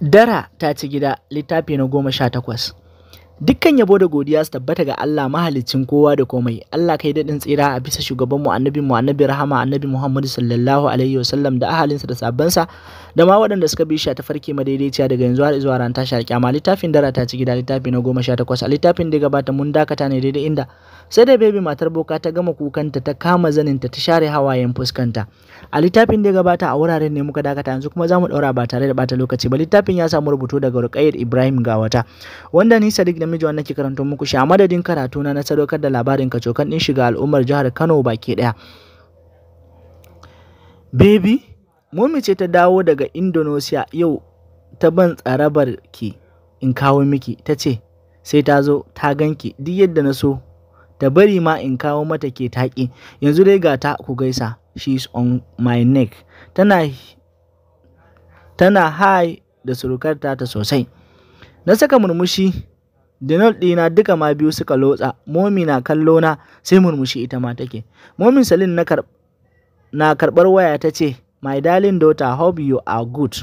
Dara ta ci gida littafi na goma sha takwas. Dukkan yabo da godiya su tabbata ga Allah mahalicin kowa da komai. Allah kai daɗin tsira a bisa shugabanmu annabi mu annabi rahama annabi Muhammadu sallallahu alaihi wasallam da ahalinsa da sabansa da ma waɗanda suka bi shi ta farki madaidaiciya daga yanzu har zuwa ran tashi alƙiyama. Littafin dara ta ci gida littafi na goma sha takwas. A littafin da gabata mun dakata ne daidai inda sai da bebi matar boka ta gama kukanta ta kama zaninta ta share hawayen fuskanta. a littafin da ya gabata a wuraren ne muka dakata yanzu kuma za mu ɗaura ba tare da bata lokaci ba littafin ya samu rubutu daga rukayyar ibrahim gawata wanda ni sadiq namiji wannan ke karanto muku shi a madadin karatu na na sadaukar da labarin kacokan din shiga al'ummar jihar kano baki ɗaya baby Momi ce ta dawo daga Indonesia yau ta ban tsarabar ki in kawo miki ta ce sai ta zo ta ganki duk yadda na so ta bari ma in kawo mata ke taƙi yanzu dai ga ta ku gaisa she's on my neck tana tana hai da surukarta ta sosai na saka murmushi Dinol ɗina duka ma biyu suka lotsa, momi na kallo na sai murmushi ita ma take. Momin Salin na, karɓar waya ta ce, My darling daughter, hope you are good.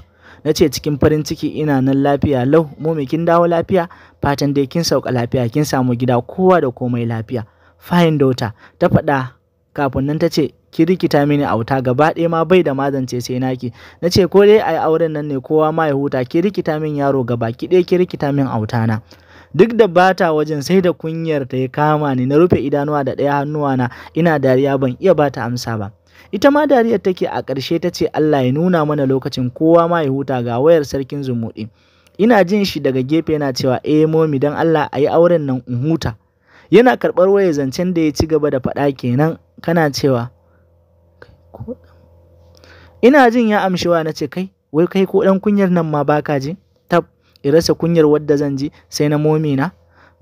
na ce cikin farin ciki ina nan lafiya lau mu kin dawo lafiya fatan dai kin sauka lafiya kin samu gida kowa da komai lafiya fine Dauta ta faɗa kafin nan ta ce ki rikita mini auta gaba ɗaya ma bai da magance sai naki na ce ko dai ai auren nan ne kowa ma ya huta ki rikita min yaro gaba ki ɗaya ki rikita min auta na duk da bata wajen sai da kunyar ta ya kama ni na rufe idanuwa da ɗaya hannuwa na ina dariya ban iya bata amsa ba ita ma dariyar take a ƙarshe ta ce Allah ya nuna mana lokacin kowa ma ya huta ga wayar sarkin zumuɗi ina jin shi daga gefe na cewa eh momi dan Allah a yi auren nan in huta yana karɓar waya zancen da ya ci gaba da faɗa kenan kana cewa ina jin ya amshiwa na ce kai wai kai ko ɗan kunyar nan ma baka ji tab in rasa kunyar wadda zan ji sai na momi na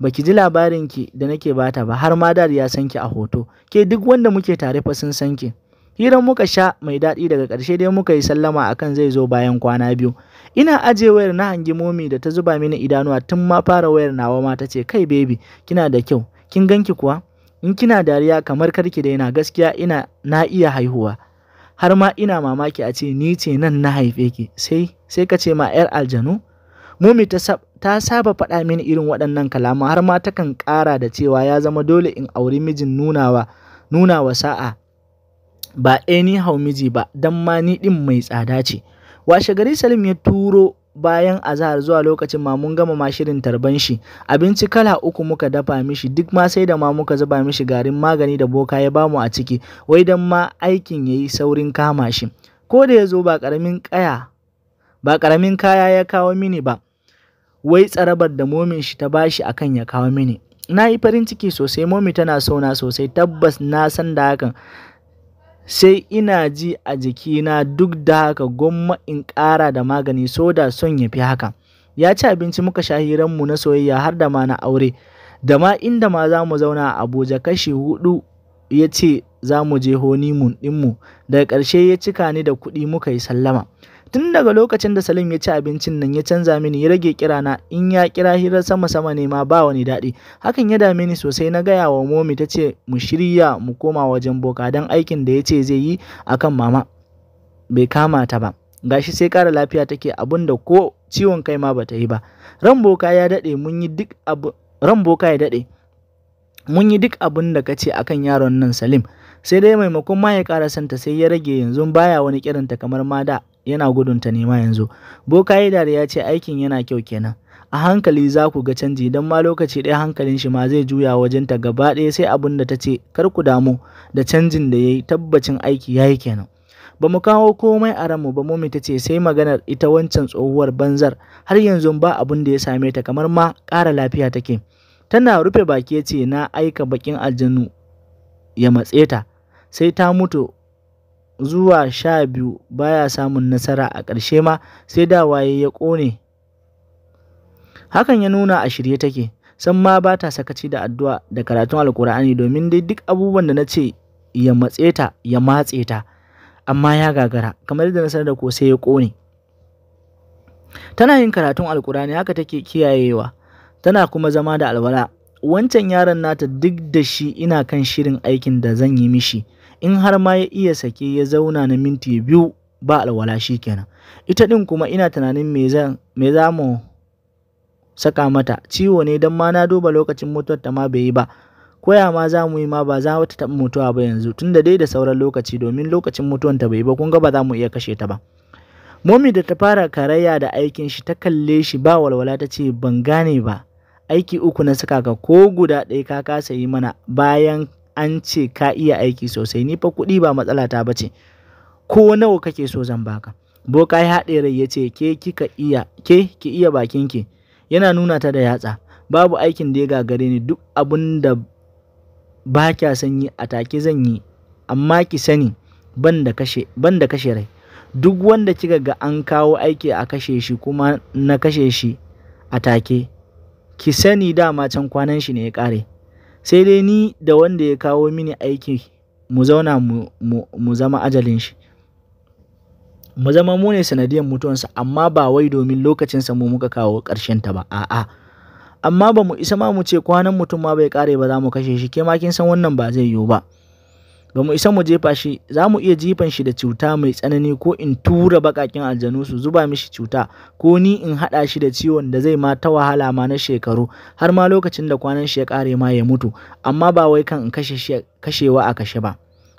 baki ji labarin ki da nake bata ba har ma dariya ya san ki a hoto ke duk wanda muke tare fa sun san ki hiran muka sha mai daɗi daga ƙarshe dai muka yi sallama a kan zai zo bayan kwana biyu ina aje wayar na hangi momi da ta zuba mini idanuwa tun ma fara wayar nawa ma ta ce kai bebi kina da kyau kin ganki kuwa in kina dariya kamar karki daina gaskiya ina na iya haihuwa har ma ina mamaki a ce ni ce nan na haife ki sai sai ka ce ma yar aljanu momi ta ta saba faɗa mini irin waɗannan kalama har ma takan ƙara da cewa ya zama dole in auri mijin nunawa nunawa sa'a ba eh, anyhow miji ba don ma ni ɗin mai tsada ce. gari Salim ya turo bayan azahar zuwa lokacin ma mun gama ma shirin tarban shi abinci kala uku muka dafa mishi duk ma sai da ma muka zuba mishi garin magani da boka ya bamu a ciki wai dan ma aikin yayi saurin kama shi ko da ya zo ba karamin kaya ya kawo mini ba wai tsarabar da momin shi ta bashi akan ya kawo mini na yi farin ciki sosai momi tana sona sosai tabbas na san da hakan sai ina ji a jikina duk da haka gwamma in ƙara da magani so da son ya fi haka ya ci abinci muka sha hiranmu na soyayya har da ma na aure da ma inda ma za mu zauna a abuja kashi hudu ya ce za mu je honeymoon ɗinmu daga ƙarshe ya cika ni da kuɗi muka yi sallama tun daga lokacin da Salim ya ci abincin nan ya canza mini ya rage kira na in ya kira hirar sama sama ne ma ba wani daɗi hakan ya dame ni sosai na gaya wa momi ta ce mu shirya mu koma wajen boka don aikin da ya ce zai yi akan mama bai kama ta ba gashi sai ƙara lafiya take abun da ko ciwon kai ma bata yi ba ran boka ya daɗe mun yi duk abu ran boka ya daɗe mun yi duk abin da kace akan yaron nan Salim sai dai maimakon ma ya kara santa sai ya rage yanzu baya wani kiranta kamar ma da yana gudun ta nema yanzu boka ya ce aikin yana kyau kenan a hankali za ku ga canji don ma lokaci ɗaya hankalin shi ma zai juya wajen ta gaba ɗaya sai abin da ta ce kar ku damu da canjin da ya yi tabbacin aiki ya yi kenan ba mu kawo komai a ranmu ba mummy ta ce sai maganar ita wancan tsohuwar banzar har yanzu ba abin da ya same ta kamar ma ƙara lafiya take tana rufe baki ya ce na aika bakin aljanu ya matse ta sai ta mutu zuwa 12 ba ya samun nasara a ƙarshe ma sai da waye ya ƙone. Hakan ya nuna a shirye take, san ma ba ta sakaci da addu'a da karatun alkur'ani domin dai duk abubuwan da na ce ya matse ta ya matse ta, amma ya gagara, kamar da nasara da ko sai ya ƙone. Tana yin karatun alkur'ani haka take kiyayewa, tana kuma zama da alwala. Wancan yaron nata duk da shi ina kan shirin aikin da zan yi mishi. in har ma ya iya sake ya zauna na minti biyu ba alwala shi kenan ita ɗin kuma ina tunanin me za mu saka mata ciwo ne don ma na duba lokacin mutuwar ta ma bai yi ba koya ma za mu yi ma ba za ta taɓa mutuwa ba yanzu tunda dai da sauran lokaci domin lokacin mutuwan ta bai ba kun ga ba za mu iya kashe ta ba momi da ta fara karaya da aikin shi ta kalle shi ba walwala ta ce ban gane ba aiki uku na saka ka ko guda ɗaya ka kasa yi mana bayan an ce ka iya aiki sosai ni fa kuɗi ba matsala ta bace, ko nawa kake so zan baka boka ya haɗe rai ya ce ke kika iya ke ki iya bakinki yana nuna ta da yatsa babu aikin da ya gagare ni duk abin da ba kya sanyi a take zan yi amma ki sani ban da kashe rai duk wanda kika ga an kawo aiki a kashe shi kuma na kashe shi a take ki sani dama can kwanan shi ne ya kare. sai dai ni da wanda ya kawo mini aiki mu zauna mu zama ajalin shi mu zama mu ne sanadiyar mutuwansa amma ba wai domin lokacinsa mu muka kawo ta ba a'a amma ba mu isa ma mu ce kwanan mutum ma bai kare ba za mu kashe shi ke ma san wannan ba zai yiwu ba ba mu isa mu jefa shi za mu iya jifan shi da cuta mai tsanani ko in tura baƙaƙen aljanu su zuba mishi cuta ko ni in haɗa shi da ciwon da zai ma ta wahala ma na shekaru har ma lokacin da kwanan shi ya kare ma ya mutu amma ba wai kan in kashe kashewa a kashe ba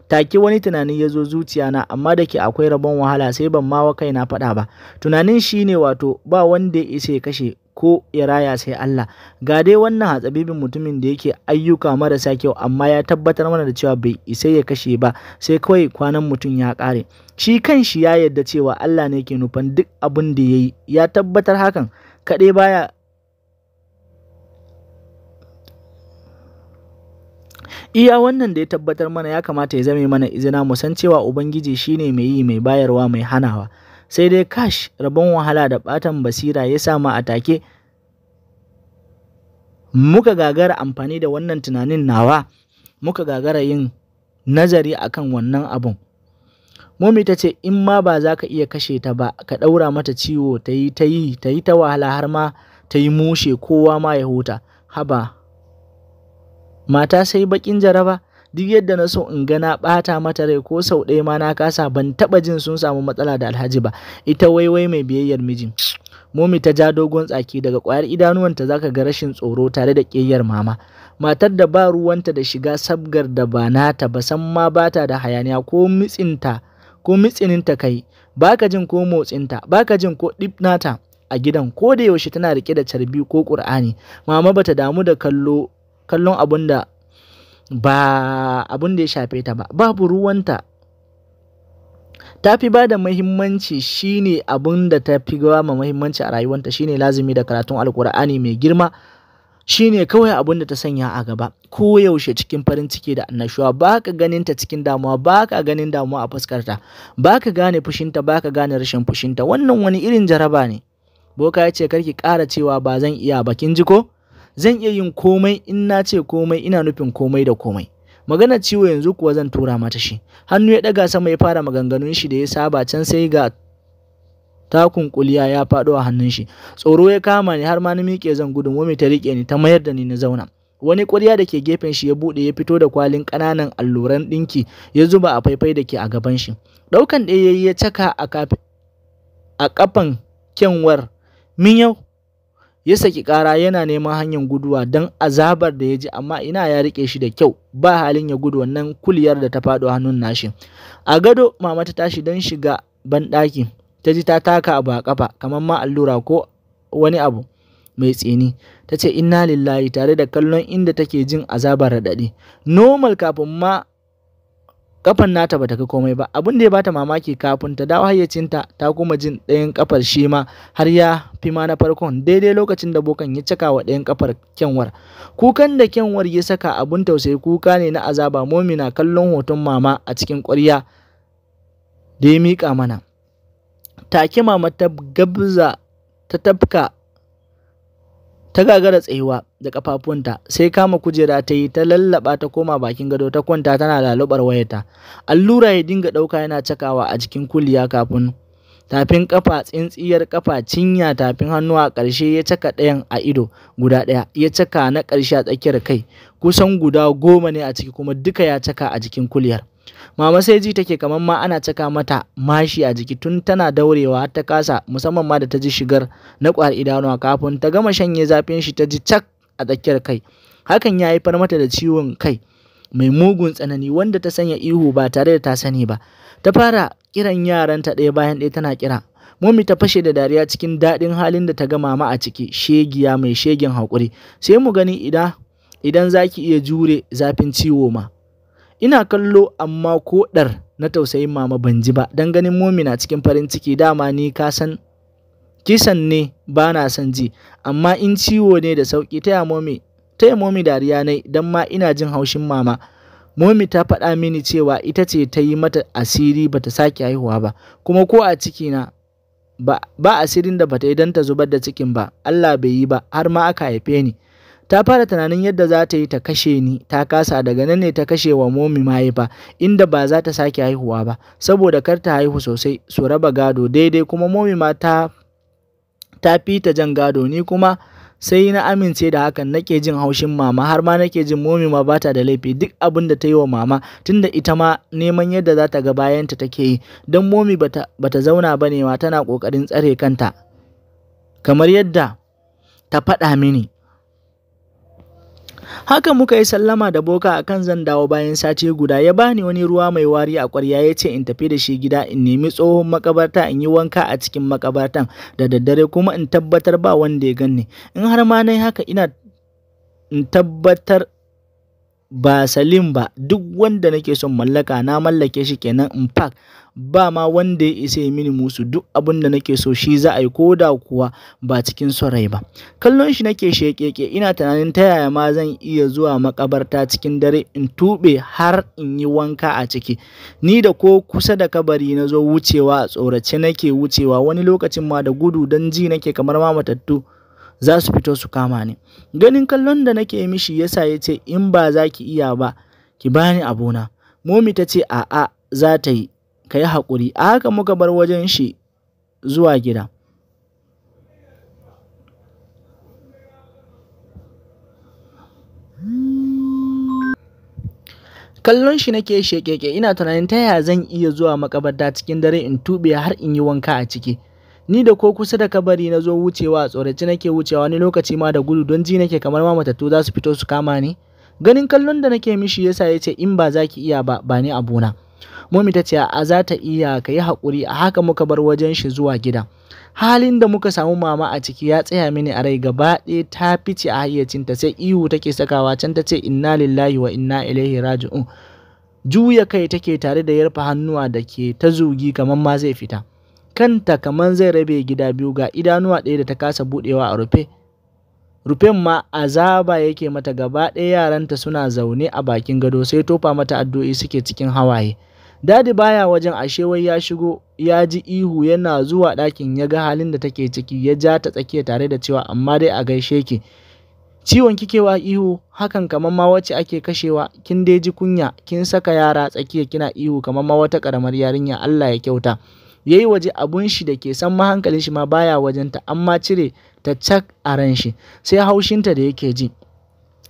take wani tunani ya zo zuciya na amma da ke akwai rabon wahala sai ban ma wa kaina faɗa ba tunanin shi ne wato ba wanda ya isa ya kashe ko ya raya sai Allah ga dai wannan hatsabibin mutumin da yake ayyuka marasa kyau amma ya tabbatar mana da cewa bai isa ya kashe ba sai kawai kwanan mutum ya ƙare shi kan shi ya yarda cewa Allah ne ke nufan duk abin da ya yi ya tabbatar hakan kaɗai baya iya wannan da ya tabbatar mana ya kamata ya zame mana izina mu san cewa ubangiji shine mai yi mai bayarwa mai hanawa sai dai kash rabon wahala da ɓatan basira ya sa ma a take muka gagara amfani da wannan tunanin nawa muka gagara yin nazari akan wannan abun momi ta ce in ma ba za ka iya kashe ta ba ka ɗaura mata ciwo ta yi ta yi ta yi ta wahala har ma ta yi mushe kowa ma ya huta haba mata sai bakin jaraba duk yadda na so in ga na ɓata mata rai ko sau ɗaya ma na kasa ban taba jin sun samu matsala da alhaji ba ita waiwai mai biyayyar miji. momi ta ja dogon tsaki daga kwayar idanuwanta za ka ga rashin tsoro tare da ƙiyayyar mama matar da ba ruwanta da shiga sabgar da ba nata ba san ma bata da hayaniya ko mitsinta ko mitsininta kai baka jin ko motsinta baka jin ko dip nata a gidan ko da yaushe tana rike da carbi ko qur'ani mama bata damu da kallo kallon abun da ba abin da ya shafe ta ba babu ruwanta ta fi ba da mahimmanci shine abin da ta fi ma mahimmanci a rayuwanta shine lazumi da karatun alkur'ani mai girma shine kawai abin da ta sanya a gaba ko yaushe cikin farin ciki da annashuwa ba ka ganin ta cikin damuwa ba ka ganin damuwa a fuskarta ba ka gane fushinta ba ka gane rashin fushinta wannan wani irin jaraba ne boka ya ce karki kara cewa ba zan iya ba kin ji ko zan iya yin komai in na ce komai ina nufin komai da komai Magana ciwo yanzu kuwa zan tura mata shi hannu ya ɗaga sama ya fara maganganun shi da ya saba can sai ga takun kuliya ya faɗo a hannun shi tsoro ya kama ni har ma na miƙe zan gudun wami ta riƙe ni ta mayar da ni na zauna wani ƙwarya da ke gefen shi ya buɗe ya fito da kwalin ƙananan alluran ɗinki ya zuba a faifai da ke a gaban shi ɗaukan ɗaya ya caka a kafin a ƙafan kyanwar min yau ya saki kara yana neman hanyar guduwa don azabar da ya ji amma ina ya rike shi da kyau ba halin ya gudu wannan kuliyar da ta faɗo hannun nashi a gado mama ta tashi don shiga banɗaki ta ji ta taka abu a kafa kamar ma allura ko wani abu mai tsini ta ce inna lillahi tare da kallon inda take jin azabar raɗaɗi normal kafin ma kafan nata bata ga komai ba abin da ya bata mamaki kafin ta dawo hayyacinta ta kuma jin ɗayan kafar shi ma har ya fi ma na farkon daidai lokacin da bokan ya caka wa ɗayan kafar kyanwar kukan da kyanwar ya saka abin tausayi kuka ne na azaba momina kallon hoton mama a cikin ƙwarya da ya miƙa mana take mama ta gabza ta tafka ta gagara tsayuwa da kafafunta sai kama kujera ta yi ta lallaba ta koma bakin gado ta kwanta tana lalubar wayarta allura ya dinga ɗauka yana cakawa a jikin kuliya kafin tafin kafa tsintsiyar kafa cinya tafin hannu a ƙarshe ya caka ɗayan a ido guda ɗaya ya caka na ƙarshe a tsakiyar kai kusan guda goma ne a ciki kuma duka ya caka a jikin kuliyar mama sai ji take kamar ma ana caka mata mashi a jiki tun tana daurewa ta kasa musamman ma da ta ji shigar na kwar idanuwa kafin ta gama shanye zafin shi ta ji cak a tsakiyar kai hakan ya haifar mata da ciwon kai mai mugun tsanani wanda ta sanya ihu ba tare da ta sani ba ta fara kiran yaranta ɗaya bayan ɗaya tana kira Mummy ta fashe da dariya cikin daɗin halin da ta ga mama a ciki shegiya mai shegin haƙuri sai mu gani idan idan za iya jure zafin ciwo ma ina kallo amma ko ɗar na tausayin mama ban ji ba don ganin momi na cikin farin ciki dama ni ka san Kisan ne ba na son ji, amma in ciwo ne da sauƙi taya momi dariya na don ma ina jin haushin Mama. Momi ta faɗa mini cewa ita ce ta yi mata asiri ba ta sake haihuwa ba, kuma ko a cikina ba, ba asirin da ba ta yi don ta zubar da cikin ba, Allah bai yi ba, har ma aka haife ni. ta fara tunanin yadda za ta yi ta kashe ni ta kasa daga nan ne ta kashe wa momi mahaifa inda ba za ta sake haihuwa ba saboda kar ta haihu sosai su raba gado daidai kuma momi ma ta ta fi ta jan gado ni kuma sai na amince da hakan nake jin haushin mama har ma nake jin momi ma bata da laifi duk abin da ta yi wa mama tunda ita ma neman yadda za ta ga bayanta take yi don momi bata, bata zauna ba ne ma tana ƙoƙarin tsare kanta kamar yadda ta faɗa mini Haka muka yi sallama da boka a kan zan dawo bayan sace guda ya bani wani ruwa mai wari a ƙwarya ya ce in tafi da shi gida in nemi tsohon makabarta in yi wanka a cikin makabartan da daddare kuma in tabbatar ba wanda ya ganni. In har ma na haka ina in tabbatar ba Salim ba duk wanda nake son mallaka na mallake shi kenan in fact ba ma wanda ya isa ya mini musu duk abin da nake so shi za a yi ko da kuwa ba cikin sarai ba kallon shi nake shekeke ina tunanin ta yaya ma zan iya zuwa makabarta cikin dare in tuɓe har in yi wanka a ciki ni da ko kusa da kabari na zo wucewa a tsorace nake wucewa wani lokacin ma da gudu dan ji nake kamar ma matattu za su fito su kama ni ganin kallon da nake mishi yasa ya ce in ba za ki iya ba ki bani abuna momi ta ce a'a za ta yi ka yi haƙuri a haka muka bar wajen shi zuwa gida kallon shi nake shekeke ina tunanin ta yaya zan iya zuwa makabarta cikin dare in tube har in yi wanka a ciki ni da ko kusa da kabari na zo wucewa a tsoraci nake wucewa wani lokaci ma da gudu don ji nake kamar ma matattu za su fito su kama ni ganin kallon da nake mishi yasa ya ce in ba za ki iya ba ba ni abuna Momi ta ce a za ta iya ka yi haƙuri a haka muka bar wajen shi zuwa gida. Halin da muka samu mama a ciki ya tsaya mini a rai gaba ɗaya ta fice a hayyacinta sai ihu take sakawa can ta ce inna lillahi wa inna ilaihi raji'un. Juya kai take tare da yarfa hannuwa da ke ta zugi kamar ma zai fita. Kanta kamar zai rabe gida biyu ga idanuwa ɗaya da ta kasa buɗewa a rufe. rufin ma azaba yake mata gaba ɗaya yaranta suna zaune a bakin gado sai tofa mata addu'o'i suke cikin hawaye. Dadi baya wajen ashe wai ya shigo ya ji ihu yana zuwa ɗakin ya ga halin da take ciki ya ja ta tsakiya tare da cewa amma dai a gaishe ki. Ciwon kikewa ihu hakan kamar ma wacce ake kashewa kin dai ji kunya kin saka yara tsakiya kina ihu kamar ma wata karamar yarinya Allah ya kyauta. Yayi waje abun shi da ke san mahankalin shi ma baya wajenta amma cire ta cak a ran shi sai haushinta da yake ji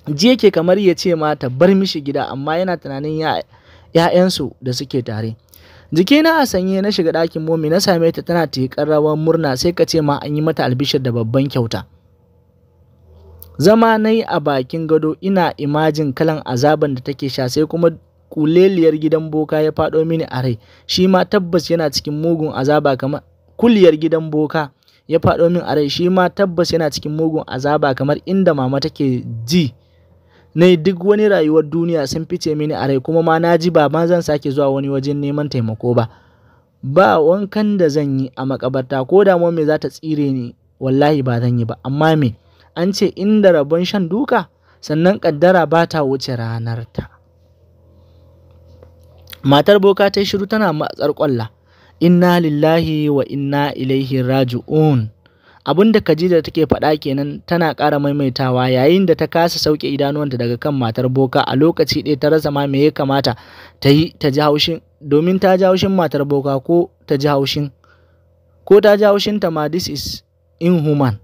ji yake kamar ya ce ma ta bar mishi gida amma yana tunanin ‘ya'yansu da suke tare jikina a sanye na shiga ɗakin momi na same ta tana tiƙar rawar murna sai ka ce ma an yi mata albishir da babban kyauta zama na a bakin gado ina imajin kalan azaban da take sha sai kuma kuleliyar gidan boka ya faɗo mini a rai shi ma tabbas yana cikin mugun azaba kamar kuliyar gidan boka ya faɗo min a rai shi ma tabbas yana cikin mugun azaba kamar inda mama take ji na duk wani rayuwar duniya sun fice mini a rai kuma ma na ji ba ma zan sake zuwa wani wajen neman taimako ba ba wankan da zan yi a makabarta ko da me za ta tsire ni wallahi ba zan yi ba amma me an ce inda rabon shan duka sannan kaddara ba ta wuce ranarta matar boka ta yi shiru tana matsar kwalla inna lillahi wa inna ilaihi raji'un abin da kajida take faɗa kenan tana ƙara maimaitawa yayin da ta kasa sauke idanuwanta daga kan matar boka a lokaci ɗaya ta rasa ma me ya kamata ta yi ta ji haushin domin ta ji haushin matar boka ko ta ji haushin ko ta ji haushin ta ma this is inhuman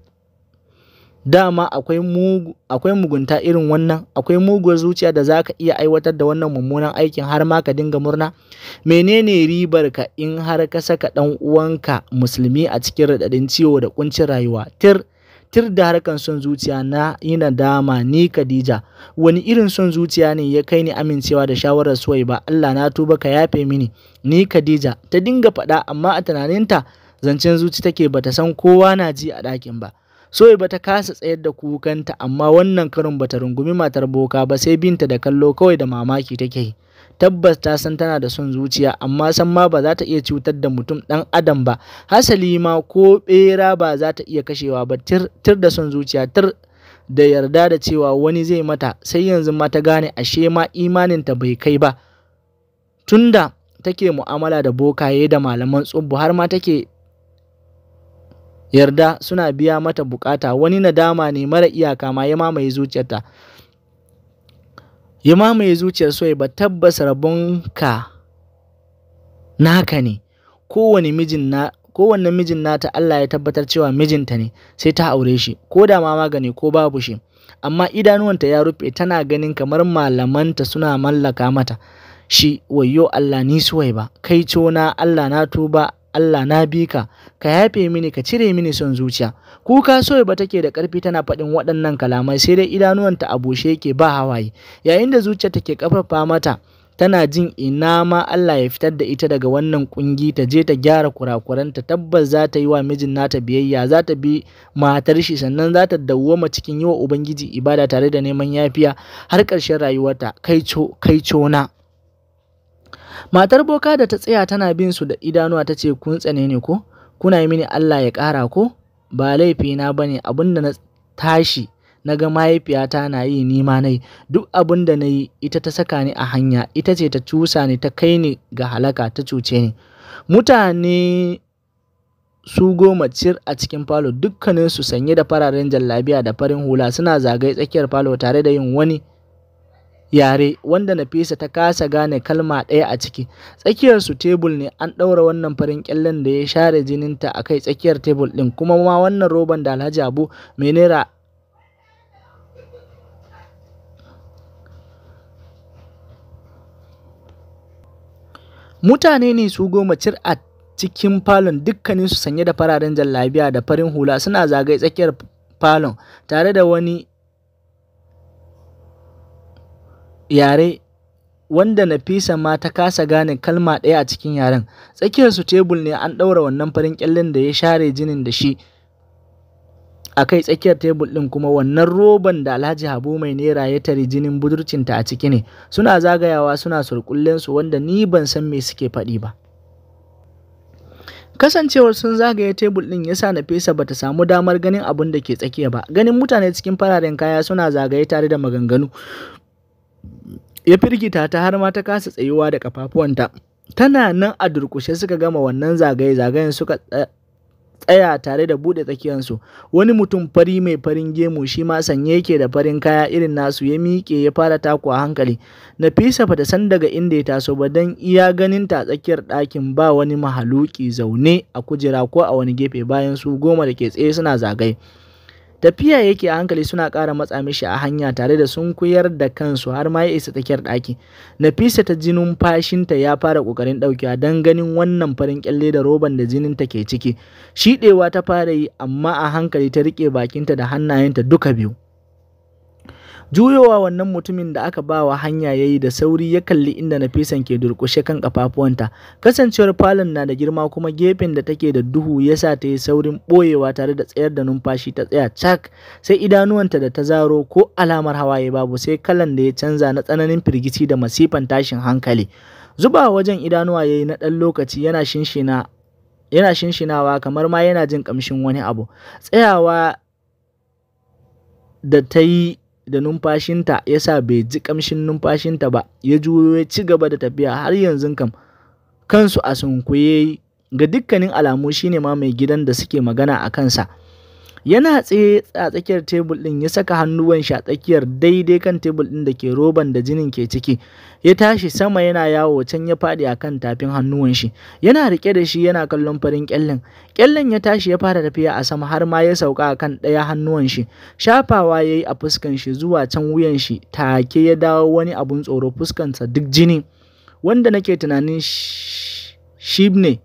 dama akwai mugunta irin wannan akwai muguwar zuciya da za ka iya aiwatar da wannan mummunan aikin har ma ka dinga murna menene ribar ka in har ka saka ɗan uwanka musulmi a cikin raɗaɗin ciwo da kuncin rayuwa tir tir da harkan son zuciya na yi nadama ni Khadija wani irin son zuciya ne ya kai ni amincewa da shawarar suwai ba Allah na tuba ka yafe mini ni Khadija ta dinga faɗa amma a tunaninta zancen zuci take bata san kowa na ji a ɗakin ba Soyi ba ta kasa tsayar da kukanta amma wannan karin bata rungumi matar boka ba sai binta da kallo kawai da mamaki take. yi Tabbas ta san tana da son zuciya amma san ma ba za ta iya cutar da mutum ɗan adam ba. Hasali ma ko bera ba za ta iya kashewa ba tir, da son zuciya tir da yarda da cewa wani zai mata sai yanzu ma ta gane ashe ma imaninta bai kai ba. Tunda take mu'amala da bokaye da malaman tsubbu har ma take yarda suna biya mata bukata wani nadama ne mara iyaka ma ya mamaye zuciyarta ya mamaye zuciyar soyayya tabbas rabonka naka ne kowane mijin na mijin nata Allah ya tabbatar cewa mijinta ne sai ta aure shi ko da ma magani ko babu shi amma idanuwanta ya rufe tana ganin kamar malamanta suna mallaka mata shi wayo Allah ni suwai ba kai na Allah na tuba Allah na bi ka ka yafe mini ka cire mini son zuciya kuka so ba take da karfi tana faɗin waɗannan kalamai sai dai idanuwanta a bushe yake ba hawaye yayin da zuciya take kafafa mata tana jin ina ma Allah ya fitar da ita daga wannan ƙungi ta je ta gyara kurakuranta tabbas za ta yi wa mijin nata biyayya za ta bi matar shi sannan za ta dawwama cikin yi wa ubangiji ibada tare da neman yafiya har ƙarshen rayuwarta kai co kai co na matar boka da ta tsaya tana bin su da idanuwa ta ce kun tsane ne ko kuna yi mini Allah ya ƙara ko ba laifi na bane abin da na tashi na ga mahaifiyata na yi ni ma nai duk abin da na yi ita ta saka ni a hanya ita ce ta cusa ni ta kai ni ga halaka ta cuce ni mutane su goma cir a cikin falo dukkaninsu sanye da fararen jallabiya da farin hula suna zagaye tsakiyar falo tare da yin wani yare wanda Nafisa ta kasa gane kalma ɗaya a ciki. Tsakiyar su tebul ne an ɗaura wannan farin kyallen da ya share jininta a kai tsakiyar tebul ɗin kuma ma wannan roban da Alhaji Abu mai naira Mutane ne su goma a cikin falon dukkaninsu sanye da fararen jallabiya da farin hula suna zagaye tsakiyar falon tare da wani yare wanda Nafisa ma ta kasa gane kalma ɗaya a cikin yaren. Tsakiyarsu tebul ne an ɗaura wannan farin ƙyallen da ya share jinin da shi a kai tsakiyar tebul ɗin kuma wannan roban da Alhaji Habu mai nera ya tare jinin budurcinta a ciki ne. Suna zagayawa suna surkullensu wanda ni ban san me suke faɗi ba. kasancewar sun zagaye tebul ɗin yasa Nafisa bata samu damar ganin abin da ke tsakiya ba ganin mutane cikin fararen kaya suna zagaye tare da maganganu ya firgita ta har ma ta kasa tsayuwa da kafafuwanta tana nan a durkushe suka gama wannan zagaye zagayen suka tsaya tare da buɗe tsakiyarsu wani mutum fari mai farin gemu shi ma sanye yake da farin kaya irin nasu ya miƙe ya fara taku a hankali fisa fata san daga inda ya taso ba dan iya ganin ta tsakiyar ɗakin ba wani mahaluki zaune a kujera ko a wani gefe bayan su goma da ke tsaye suna zagaye tafiya yake a hankali suna ƙara matsa mishi a hanya tare da sun kuyar da kansu har ma ya isa tsakiyar ɗaki nafisa ta jinin fashinta ya fara ƙoƙarin ɗaukewa don ganin wannan farin kyalle da roban da jinin ta ke ciki shiɗewa ta fara yi amma a hankali ta riƙe bakinta da hannayenta duka biyu Juyowa wannan mutumin da aka bawa hanya ya yi da sauri ya kalli inda Nafisan ke durƙushe kan ƙafafuwanta. Kasancewar falon na da girma kuma gefen da take da duhu ya sa ta yi saurin ɓoyewa tare da tsayar da numfashi ta tsaya cak sai idanuwanta da ta zaro ko alamar hawaye babu sai kalan da ya canza na tsananin firgici da masifan tashin hankali. Zuba wajen idanuwa ya yi na ɗan lokaci yana shinshina yana shinshinawa kamar ma yana jin ƙamshin wani abu. Tsayawa da ta yi da numfashinta ya sa bai ji ƙamshin numfashinta ba, ya juyo ya ci gaba da tafiya har yanzu kam kansu a sunkuye ga dukkanin alamu shine ma mai gidan da suke magana a kansa. yana tsaye a tsakiyar tebul ɗin ya saka hannuwan shi a tsakiyar daidai kan tebul ɗin da ke roban da jinin ke ciki ya tashi sama yana yawo can ya faɗi a kan tafin hannuwan shi yana rike da shi yana kallon farin ƙyallen ƙyallen ya tashi ya fara tafiya a sama har ma ya sauka a kan ɗaya hannuwan shi shafawa ya yi a fuskan shi zuwa can wuyan shi take ya dawo wani abun tsoro fuskansa duk jini wanda nake tunanin shi ne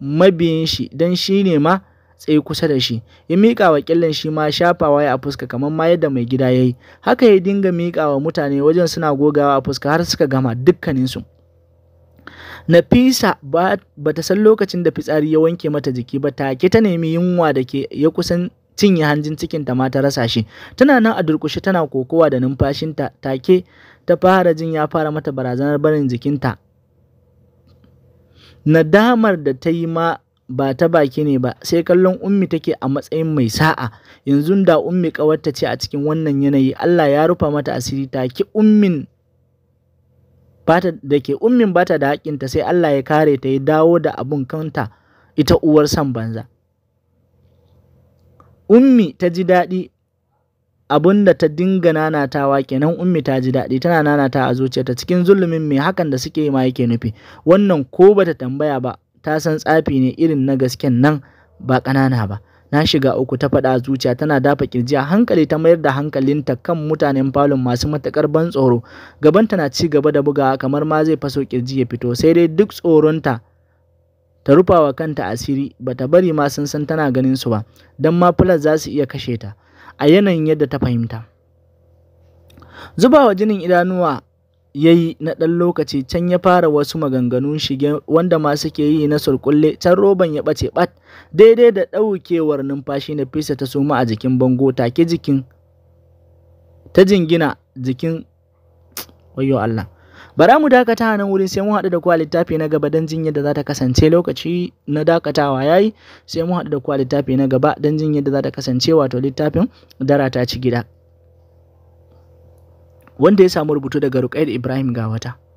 mabiyin shi don shi ne ma tsaye kusa da shi ya miƙa wa ƙyallen shi ma shafawa ya a fuska kamar ma yadda mai gida ya yi haka ya dinga miƙa wa mutane wajen suna gogawa a fuska har suka gama dukkaninsu Nafisa ba ta san lokacin da fitsari ya wanke mata jiki ba take ta nemi yunwa da ke ya kusan cinye hanjin cikinta ma ta rasa shi tana nan a durkushe tana kokowa da numfashinta take ta fara jin ya fara mata barazanar barin jikinta nadamar da ta yi ma ba ta baki ne ba sai kallon ummi take a matsayin mai sa'a yanzu da ummi kawarta ce a cikin wannan yanayi Allah ya rufa mata asiri ta ki ummin bata da ke ummin bata da hakinta sai Allah ya kare ta ya dawo da abun kanta ita uwar san banza ummi ta ji daɗi abin da ta dinga nanatawa kenan ummi ta ji daɗi tana nanata a zuciyarta cikin zulumin mai hakan da suke ma yake nufi wannan ko bata tambaya ba ta san tsafi ne irin na gasken nan ba ƙanana ba na shiga uku ta faɗa zuciya tana dafa kirji a hankali ta mayar da hankalinta kan mutanen falon masu matakar ban tsoro gabanta na ci gaba da bugawa kamar ma zai faso kirji ya fito sai dai duk tsoronta ta rufa wa kanta asiri ba ta bari ma sun san tana ganin su ba don ma fulas za su iya kashe ta a yanayin yadda ta fahimta zubawa jinin idanuwa ya yi na ɗan lokaci can ya fara wasu maganganun shige wanda ma suke yi na surkulle can roban ya ɓace ɓat daidai da ɗaukewar numfashi na fisa ta suma a jikin bango take jikin ta jingina jikin wayo Allah bara mu dakata a nan wurin sai mu haɗu da kuwa littafi na gaba don jin yadda za ta kasance lokaci na dakatawa yi sai mu haɗu da kuwa littafi na gaba don jin yadda za ta kasance wato littafin dara ta ci gida wanda ya samu rubutu daga Ruqayyah Ibrahim Gawata